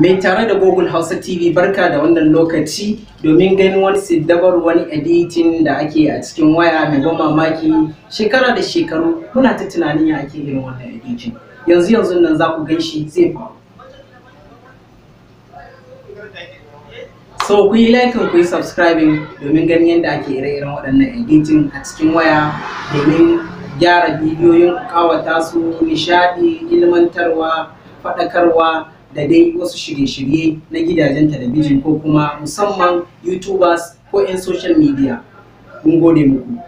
mai tare da google hausa tv barka da wannan lokaci domin ganin wani siddabar wani editing da ake a cikin waya mai ban mamaki shekara da shekaru muna ta tunanin ya ake irin wannan editing yanzu yanzu nan za ku gan shi zai faru so ku yi like ku yi subscribing domin ganin yadda ake ire-iren waɗannan editing a cikin waya domin gyara bidiyoyin ku kawata su nishaɗi ilmantarwa faɗakarwa da dai wasu shirye-shirye na gidajen talabijin ko kuma musamman youtubers ko 'yan social media mun gode muku